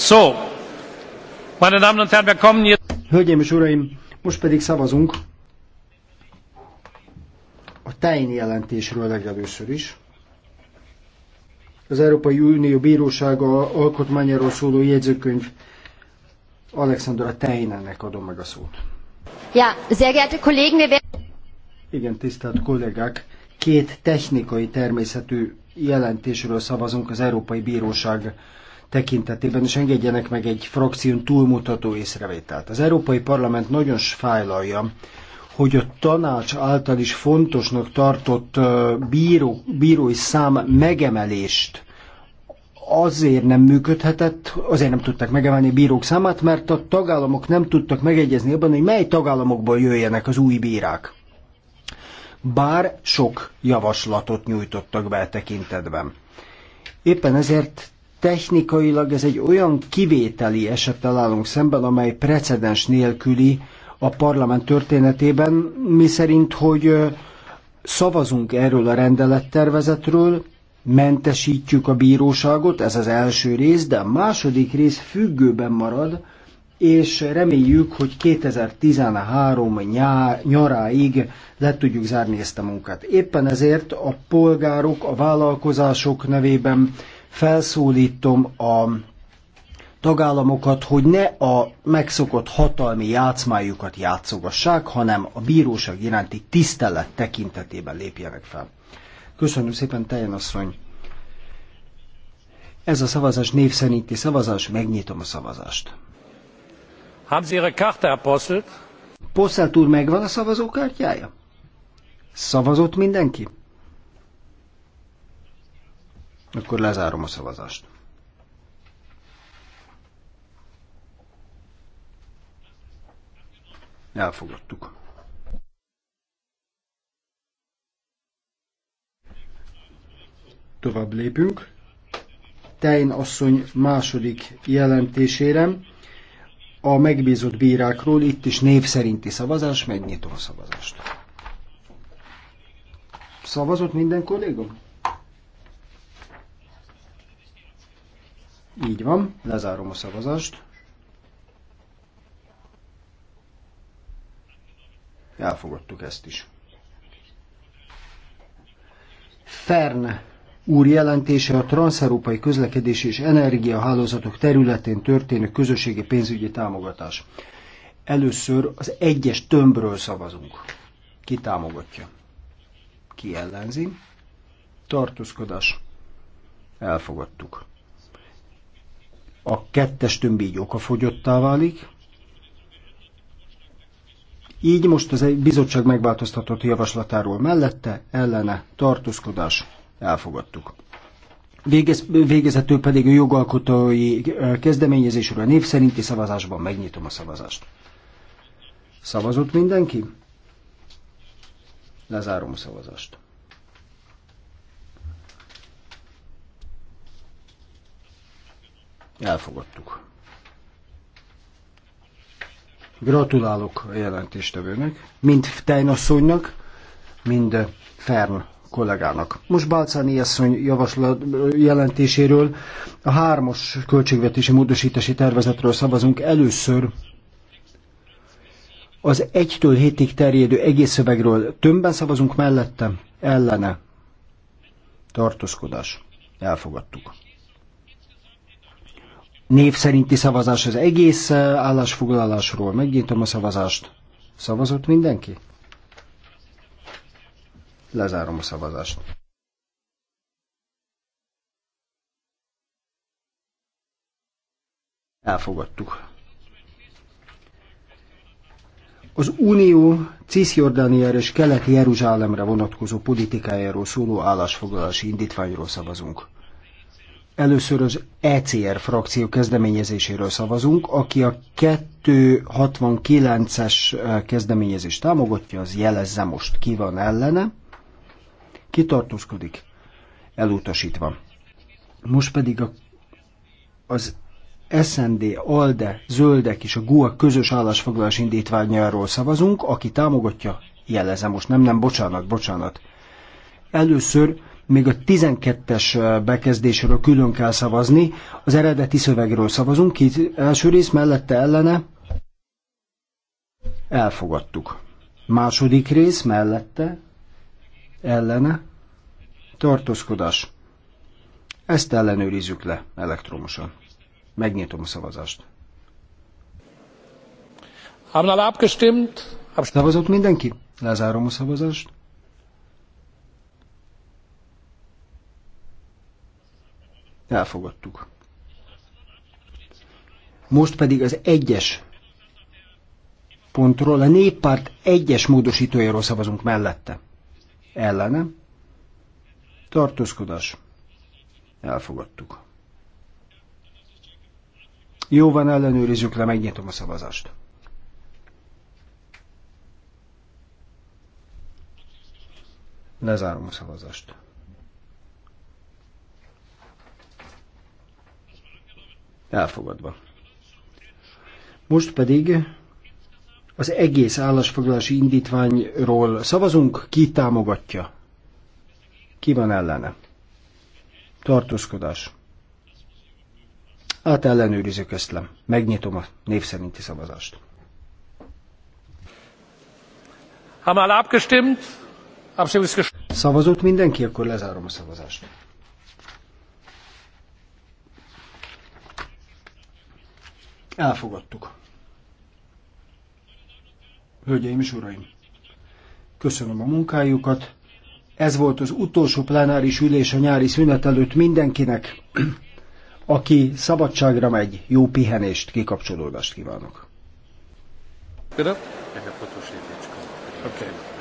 So, meine Damen und Herren, wir kommen jetzt... Hölgyeim és Uraim, most pedig szavazunk a Tein jelentésről legelőször is. Az Európai Unió Bírósága alkotmányáról szóló jegyzőkönyv Alexandra Teinennek adom meg a szót. Ja, sehr geehrte Kollegen, wir Igen, tisztelt kollégák, két technikai természetű jelentésről szavazunk az Európai Bíróság tekintetében, és engedjenek meg egy frakción túlmutató észrevételt. Az Európai Parlament nagyon fájlalja, hogy a tanács által is fontosnak tartott bíró, bírói szám megemelést azért nem működhetett, azért nem tudták megemelni a bírók számát, mert a tagállamok nem tudtak megegyezni abban, hogy mely tagállamokból jöjjenek az új bírák. Bár sok javaslatot nyújtottak be a tekintetben. Éppen ezért Technikailag ez egy olyan kivételi esettel állunk szemben, amely precedens nélküli a parlament történetében, szerint, hogy szavazunk erről a rendelettervezetről, mentesítjük a bíróságot, ez az első rész, de a második rész függőben marad, és reméljük, hogy 2013 nyár, nyaráig le tudjuk zárni ezt a munkát. Éppen ezért a polgárok, a vállalkozások nevében Felszólítom a tagállamokat, hogy ne a megszokott hatalmi játszmájukat játszogassák, hanem a bíróság iránti tisztelet tekintetében lépjenek fel. Köszönöm szépen, Tejen asszony! Ez a szavazás név szerinti szavazás, megnyitom a szavazást. Haben Sie Ihre Karte apostelt? Posselt úr megvan a szavazókártyája? Szavazott mindenki? Akkor lezárom a szavazást. Elfogadtuk. Tovább lépünk. Tein asszony második jelentésére a megbízott bírákról, itt is név szerinti szavazás, megnyitom a szavazást. Szavazott minden kolléga? Így van, lezárom a szavazást. Elfogadtuk ezt is. Fern úr jelentése a transzeurópai közlekedési és energiahálózatok területén történő közösségi pénzügyi támogatás. Először az egyes tömbről szavazunk. Ki támogatja? Ki ellenzi? Tartózkodás. Elfogadtuk a kettes tömb így okafogyottá válik. Így most az egy bizottság megváltoztatott javaslatáról mellette, ellene, tartózkodás, elfogadtuk. Végez, végezetül pedig a jogalkotói kezdeményezésről a név szerinti szavazásban megnyitom a szavazást. Szavazott mindenki? Lezárom a szavazást. Elfogadtuk. Gratulálok a jelentéstevőnek, mind Tejnasszonynak, mind Fern kollégának. Most Balcáni asszony javaslat jelentéséről a hármas költségvetési módosítási tervezetről szavazunk először az 1-től 7-ig terjedő egész szövegről tömbben szavazunk mellette, ellene. Tartózkodás. Elfogadtuk név szerinti szavazás az egész eh, állásfoglalásról. Megnyitom a szavazást. Szavazott mindenki? Lezárom a szavazást. Elfogadtuk. Az Unió Cisjordániára és Keleti Jeruzsálemre vonatkozó politikájáról szóló állásfoglalási indítványról szavazunk. Először az ECR frakció kezdeményezéséről szavazunk, aki a 269-es eh, kezdeményezést támogatja, az jelezze most ki van ellene. Kitartózkodik, elutasítva. Most pedig a, az SND, ALDE, Zöldek és a GUA e közös állásfoglalás indítványáról szavazunk, aki támogatja, jelezze most, nem, nem, bocsánat, bocsánat. Először még a 12-es bekezdésről külön kell szavazni. Az eredeti szövegről szavazunk, Két első rész mellette ellene elfogadtuk. Második rész mellette ellene tartózkodás. Ezt ellenőrizzük le elektromosan. Megnyitom a szavazást. Haben alle abgestimmt? Szavazott mindenki? Lezárom a szavazást. Elfogadtuk. Most pedig az egyes pontról, a néppárt egyes módosítójáról szavazunk mellette. Ellenem. Tartózkodás. Elfogadtuk. Jó van, ellenőrizzük le, megnyitom a szavazást. Lezárom a szavazást. Elfogadva. Most pedig az egész állásfoglalási indítványról szavazunk, ki támogatja, ki van ellene. Tartózkodás. Át ellenőrizök ezt le. Megnyitom a név szerinti szavazást. Szavazott mindenki, akkor lezárom a szavazást. Elfogadtuk. Hölgyeim és uraim, köszönöm a munkájukat. Ez volt az utolsó plenáris ülés a nyári szünet előtt mindenkinek, aki szabadságra megy, jó pihenést, kikapcsolódást kívánok. Good Okay.